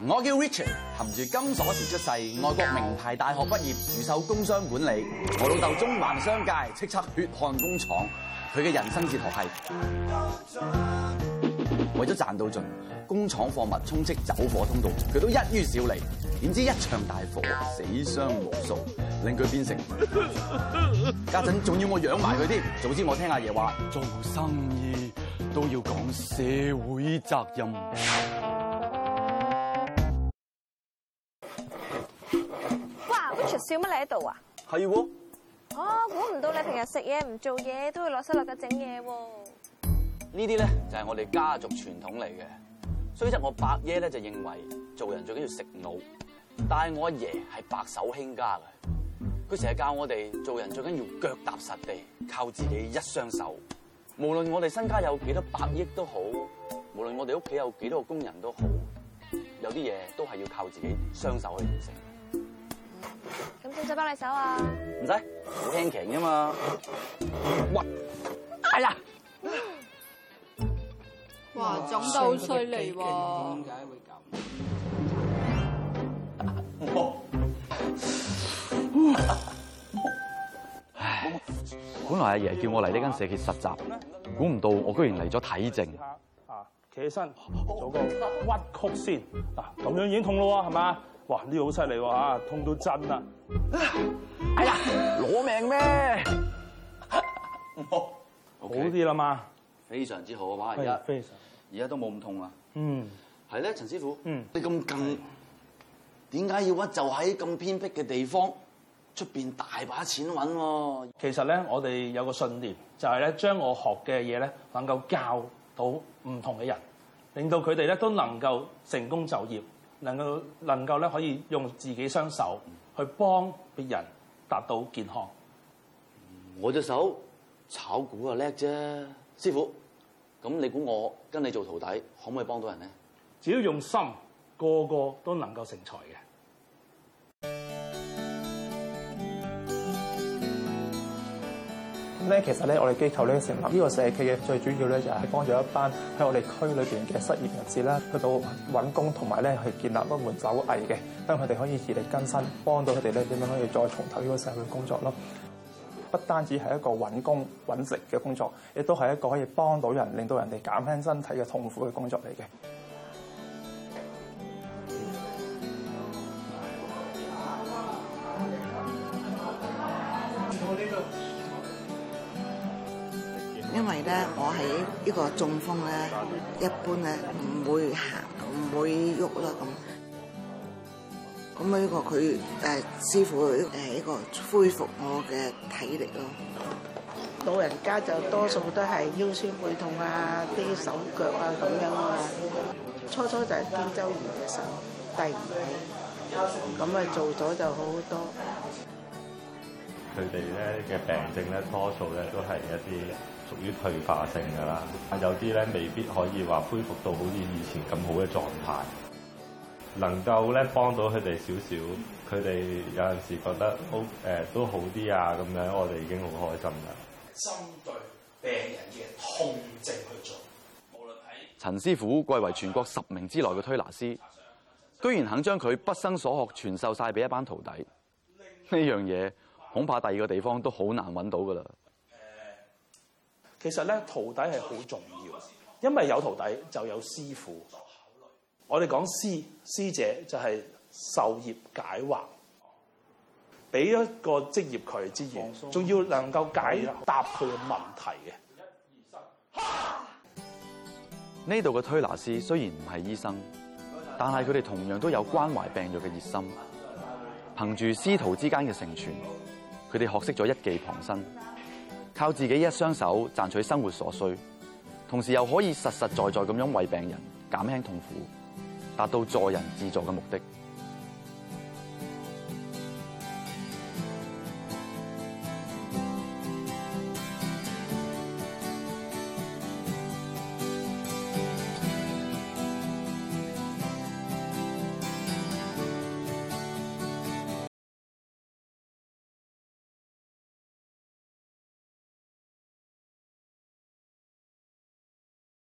我叫 Richard，含住金鎖匙出世，外國名牌大學畢業，主修工商管理。我老豆縱橫商界，叱咤血汗工廠。佢嘅人生哲學係為咗賺到盡，工廠貨物充斥走火通道，佢都一於少理。點知一場大火，死傷無數，令佢變成家陣仲要我養埋佢添。早知我聽阿爺話，做生意都要講社會責任。笑乜？你喺度啊？係喎、哦，估唔到你平日食嘢唔做嘢，都會落手落腳整嘢喎。呢啲咧就係、是，我哋家族傳統嚟嘅。雖則我伯爺咧就認為做人最緊要食腦，但係我阿爺係白手興家嘅，佢成日教我哋做人最緊要腳踏實地，靠自己一雙手。無論我哋身家有幾多百億都好，無論我哋屋企有幾多個工人都好，有啲嘢都係要靠自己雙手去完成。使唔使幫你手啊？唔使，好輕型啊嘛。哇，係、哎、啦。 哇，腫到好犀利喎、啊。點解會咁？唉 本來阿爺，爺叫我嚟呢間社企實習，估唔到我居然嚟咗睇症試試。啊，企起身，做個屈曲先。嗱、啊，咁樣已經痛啦喎，係嘛、嗯？哇！呢、這個好犀利喎，痛到震啊！哎呀，攞命咩？ 好，好啲啦嘛，非常之好啊！而家而家都冇咁痛啦。嗯，係咧，陳師傅，嗯、你咁勁，點解、嗯、要屈就喺咁偏僻嘅地方？出邊大把錢揾喎、啊。其實咧，我哋有個信念，就係、是、咧，將我學嘅嘢咧，能夠教到唔同嘅人，令到佢哋咧都能夠成功就業。能夠能夠咧，可以用自己雙手去幫別人達到健康。我隻手炒股啊叻啫！師傅，咁你估我跟你做徒弟，可唔可以幫到人咧？只要用心，個個都能夠成才嘅。咧，其實咧，我哋機構咧成立呢個社企嘅最主要咧，就係幫助一班喺我哋區裏邊嘅失業人士啦，去到揾工同埋咧，去建立一門手藝嘅，等佢哋可以自力更生，幫到佢哋咧點樣可以再重投呢個社會工作咯。不單止係一個揾工揾食嘅工作，亦都係一個可以幫到人，令到人哋減輕身體嘅痛苦嘅工作嚟嘅。因為咧，我喺呢個中風咧，一般咧唔會行，唔會喐啦咁。咁、這、呢個佢誒，師傅誒，一個恢復我嘅體力咯。老人家就多數都係腰酸背痛啊，啲手腳啊咁樣啊。初初就係肩周炎嘅時候，第二，咁啊做咗就好好多。佢哋咧嘅病症咧，多數咧都係一啲，屬於退化性㗎喇，但有啲咧未必可以話恢復到好似以前咁好嘅狀態。能夠咧幫到佢哋少少，佢哋有陣時覺得好誒都好啲啊，咁樣我哋已經好開心啦。針對病人嘅痛症去做，無論係陳師傅貴為全國十名之內嘅推拿師，居然肯將佢畢生所學傳授晒俾一班徒弟，呢樣嘢恐怕第二個地方都好難揾到噶啦。其實咧，徒弟係好重要，因為有徒弟就有師傅。我哋講師師者就係授業解惑，俾一個職業佢之餘，仲要能夠解答佢嘅問題嘅。呢度嘅推拿師雖然唔係醫生，但係佢哋同樣都有關懷病弱嘅熱心，憑住師徒之間嘅承傳，佢哋學識咗一技傍身。靠自己一雙手賺取生活所需，同時又可以實實在在咁樣為病人減輕痛苦，達到助人自助嘅目的。